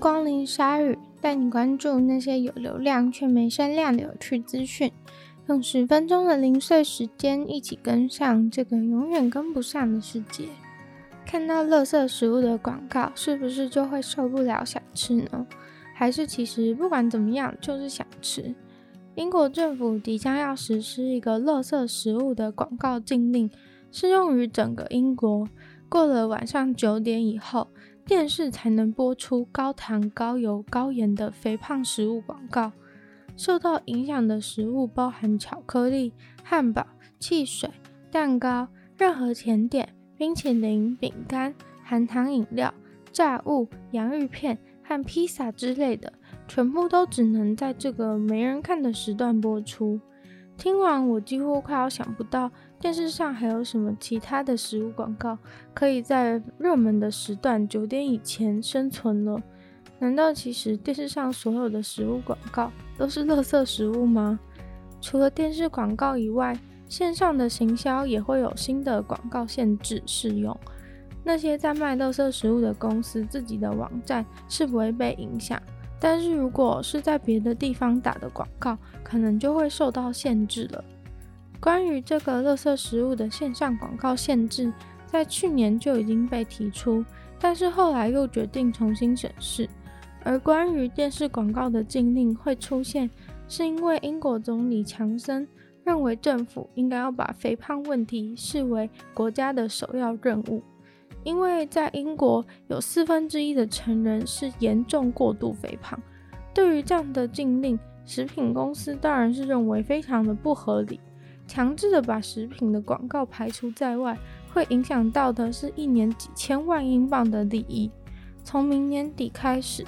光臨鯊語，帶你關注那些有流量卻沒聲量的有趣資訊。用十分鐘的零碎時間，一起跟上這個永遠跟不上的世界。看到垃圾食物的廣告，是不是就會受不了想吃呢？還是其實不管怎麼樣，就是想吃？英國政府即將要實施一個垃圾食物的廣告禁令，適用於整個英國。過了晚上九點以後，電視才能播出高糖、高油、高鹽的肥胖食物廣告。受到影響的食物包含巧克力、漢堡、汽水、蛋糕、任何甜點、冰淇淋、餅乾、含糖飲料、炸物、洋芋片和披薩之類的，全部都只能在這個沒人看的時段播出。聽完，我幾乎快要想不到電視上還有什麼其他的食物廣告可以在熱門的時段九點以前生存了。難道其實電視上所有的食物廣告都是垃圾食物嗎？除了電視廣告以外，線上的行銷也會有新的廣告限制適用。那些在賣垃圾食物的公司自己的網站是不會被影響。但是如果是在別的地方打的廣告，可能就會受到限制了。關於這個垃圾食物的線上廣告限制，在去年就已經被提出，但是後來又決定重新審視。而關於電視廣告的禁令會出現，是因為英國總理強森認為政府應該要把肥胖問題視為國家的首要任務。因為在英國有四分之一的成人是嚴重過度肥胖。對於這樣的禁令，食品公司當然是認為非常的不合理，強制的把食品的廣告排除在外，會影響到的是一年幾千萬英鎊的利益。從明年底開始，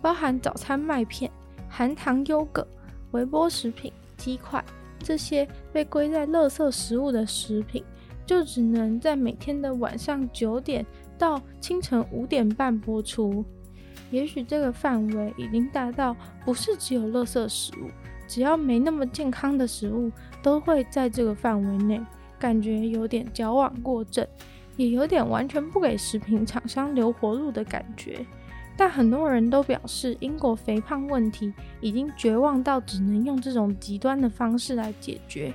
包含早餐麥片、含糖優格、微波食品、雞塊這些被歸在垃圾食物的食品，就只能在每天的晚上九點到清晨五點半播出。也許這個範圍已經大到不是只有垃圾食物，只要沒那麼健康的食物都會在這個範圍內。感覺有點矯枉過正，也有點完全不給食品廠商留活路的感覺。但很多人都表示，英國肥胖問題已經絕望到只能用這種極端的方式來解決。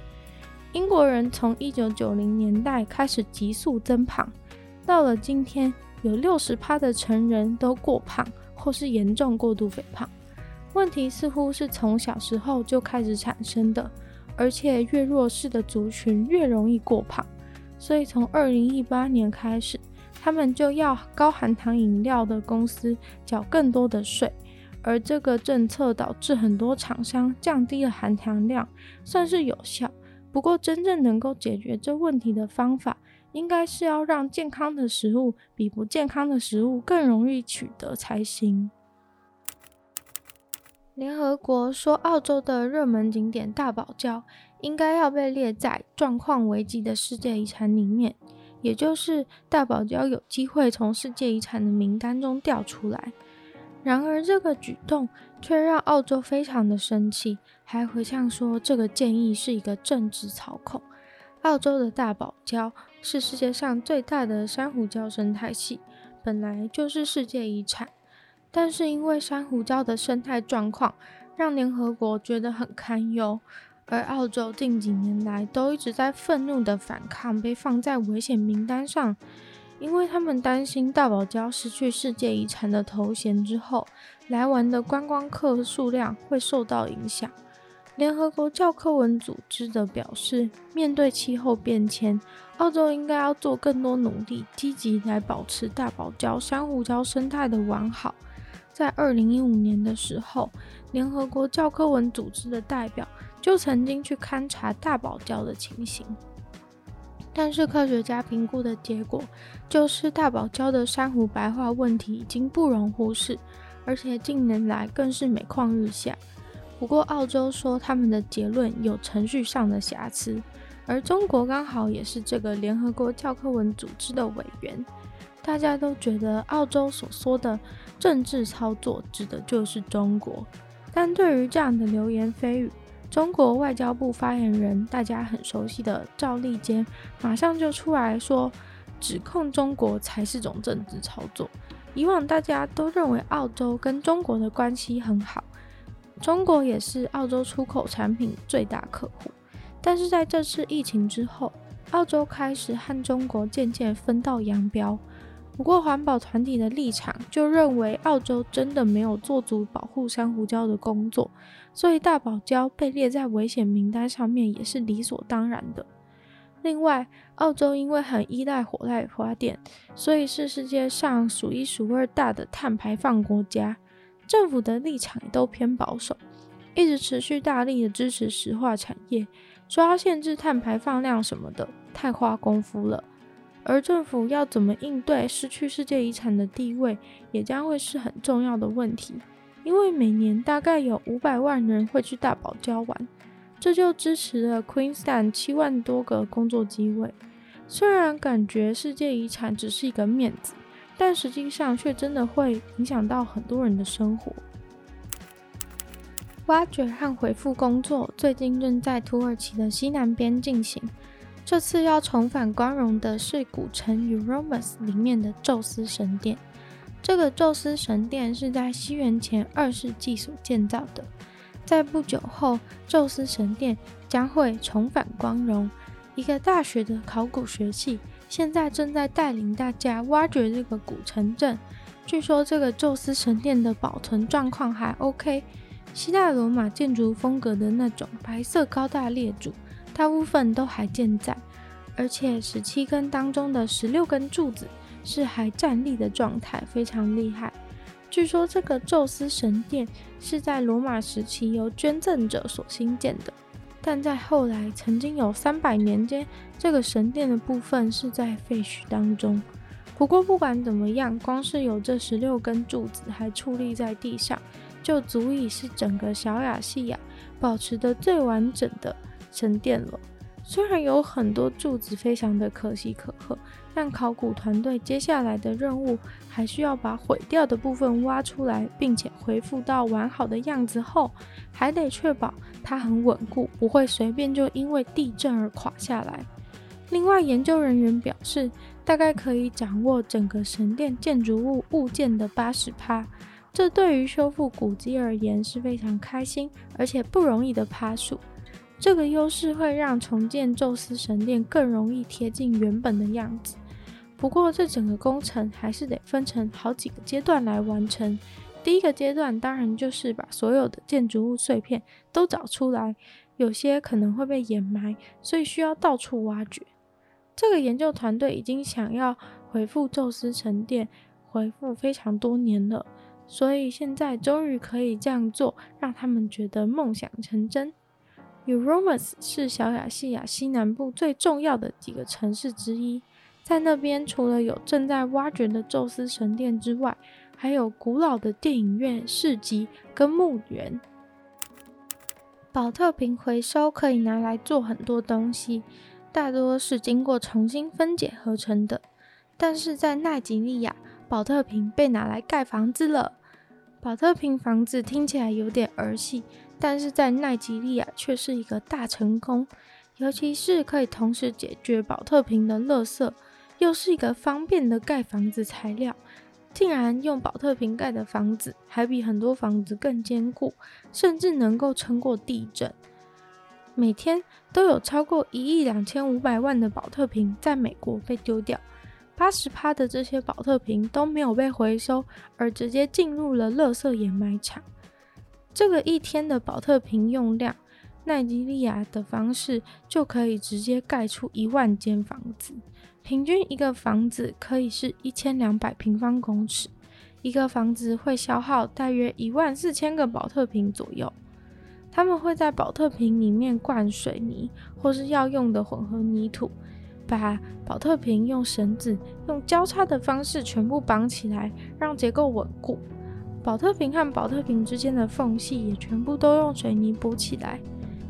英國人從一九九零年代開始急速增胖，到了今天，有六十趴的成人都過胖或是嚴重過度肥胖。問題似乎是從小時候就開始產生的，而且越弱勢的族群越容易過胖。所以從二零一八年開始，他們就要高含糖飲料的公司繳更多的稅，而這個政策導致很多廠商降低了含糖量，算是有效。不過，真正能夠解決這問題的方法，應該是要讓健康的食物比不健康的食物更容易取得才行。聯合國說，澳洲的熱門景點大堡礁應該要被列在狀況危機的世界遺產裡面，也就是大堡礁有機會從世界遺產的名單中掉出來。然而，這個舉動卻讓澳洲非常的生氣，還回嗆說這個建議是一個政治操控。澳洲的大堡礁是世界上最大的珊瑚礁生態系，本來就是世界遺產，但是因為珊瑚礁的生態狀況讓聯合國覺得很堪憂，而澳洲近幾年來都一直在憤怒的反抗，被放在危險名單上。因為他們擔心大堡礁失去世界遺產的頭銜之後，來玩的觀光客數量會受到影響。聯合國教科文組織則表示，面對氣候變遷，澳洲應該要做更多努力，積極來保持大堡礁珊瑚礁生態的完好。在二零一五年的時候，聯合國教科文組織的代表就曾經去勘察大堡礁的情形。但是科學家評估的結果就是，大堡礁的珊瑚白化問題已經不容忽視，而且近年來更是每況日下。不過，澳洲說他們的結論有程序上的瑕疵，而中國剛好也是這個聯合國教科文組織的委員，大家都覺得澳洲所說的政治操作指的就是中國。但對於這樣的流言蜚語，中國外交部發言人，大家很熟悉的趙立堅，馬上就出來說，指控中國才是種政治操作。以往大家都認為澳洲跟中國的關係很好，中國也是澳洲出口產品最大客戶。但是在這次疫情之後，澳洲開始和中國漸漸分道揚鑣。不過，環保團體的立場就認為，澳洲真的沒有做足保護珊瑚礁的工作，所以大堡礁被列在危險名單上面也是理所當然的。另外，澳洲因為很依賴火力發電，所以是世界上數一數二大的碳排放國家，政府的立場也都偏保守，一直持續大力的支持石化產業，說要限制碳排放量什麼的，太花功夫了。而政府要怎麼應對失去世界遺產的地位，也將會是很重要的問題。因為每年大概有五百萬人會去大堡礁玩，這就支持了昆士蘭七萬多個工作機會。雖然感覺世界遺產只是一個面子，但實際上卻真的會影響到很多人的生活。挖掘和恢復工作最近正在土耳其的西南邊進行。這次要重返光榮的是古城 Euromus 裡面的宙斯神殿。這個宙斯神殿是在西元前二世紀所建造的，在不久後，宙斯神殿將會重返光榮。一個大學的考古學系現在正在帶領大家挖掘這個古城鎮。據說這個宙斯神殿的保存狀況還 OK，希臘羅馬建築風格的那種白色高大列柱。大部分都還健在，而且十七根當中的十六根柱子是還站立的狀態，非常厲害。據說這個宙斯神殿是在羅馬時期由捐贈者所興建的，但在後來曾經有三百年間，這個神殿的部分是在廢墟當中。不過不管怎麼樣，光是有這十六根柱子還矗立在地上，就足以是整個小亞細亞保持得最完整的神殿了，雖然有很多柱子非常的可喜可賀，但考古團隊接下來的任務還需要把毀掉的部分挖出來，並且恢復到完好的樣子後，還得確保它很穩固，不會隨便就因為地震而垮下來。另外，研究人員表示，大概可以掌握整個神殿建築物物件的八十趴，這對於修復古蹟而言是非常開心而且不容易的趴數。這個優勢會讓重建宙斯神殿更容易貼近原本的樣子。不過，這整個工程還是得分成好幾個階段來完成。第一個階段當然就是把所有的建築物碎片都找出來，有些可能會被掩埋，所以需要到處挖掘。這個研究團隊已經想要恢復宙斯神殿，恢復非常多年了，所以現在終於可以這樣做，讓他們覺得夢想成真。Euromus 是小亞細亞西南部最重要的幾個城市之一，在那邊除了有正在挖掘的宙斯神殿之外，還有古老的電影院、市集跟墓園。寶特瓶回收可以拿來做很多東西，大多是經過重新分解合成的，但是在奈及利亞，寶特瓶被拿來蓋房子了。寶特瓶房子聽起來有點兒戲，但是在奈及利亞卻是一個大成功。尤其是可以同時解決寶特瓶的垃圾，又是一個方便的蓋房子材料。竟然用寶特瓶蓋的房子，還比很多房子更堅固，甚至能夠撐過地震。每天都有超過一億兩千五百萬的寶特瓶在美國被丟掉。八十趴的這些寶特瓶都沒有被回收，而直接進入了垃圾掩埋場。這個一天的寶特瓶用量，奈及利亞的方式就可以直接蓋出一萬間房子。平均一個房子可以是一千兩百平方公尺，一個房子會消耗大約一萬四千個寶特瓶左右。他們會在寶特瓶裡面灌水泥，或是要用的混合泥土。把寶特瓶用繩子用交叉的方式全部綁起來，讓結構穩固。寶特瓶和寶特瓶之間的縫隙也全部都用水泥補起來。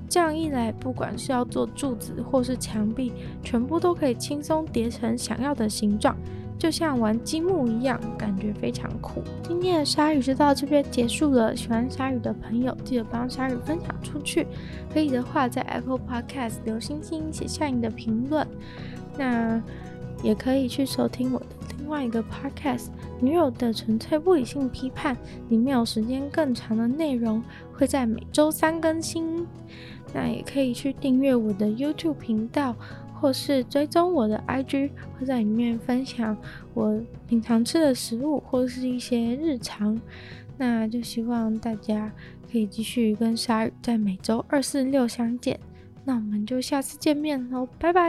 這樣一來，不管是要做柱子或是牆壁，全部都可以輕鬆疊成想要的形狀。就像玩積木一樣，感覺非常酷。今天的鯊語就到這邊結束了。喜歡鯊魚的朋友，記得幫鯊魚分享出去。可以的話，在 Apple Podcast 留星星，寫下你的評論。那也可以去收聽我的另外一個 podcast《女友的純粹不理性批判》，裡面有時間更長的內容，會在每周三更新。那也可以去訂閱我的 YouTube 頻道。或是追蹤我的 IG，或在裡面分享我平常吃的食物，或是一些日常。那就希望大家可以繼續跟鯊魚在每周二、四、六相見。那我們就下次見面嘍，拜拜。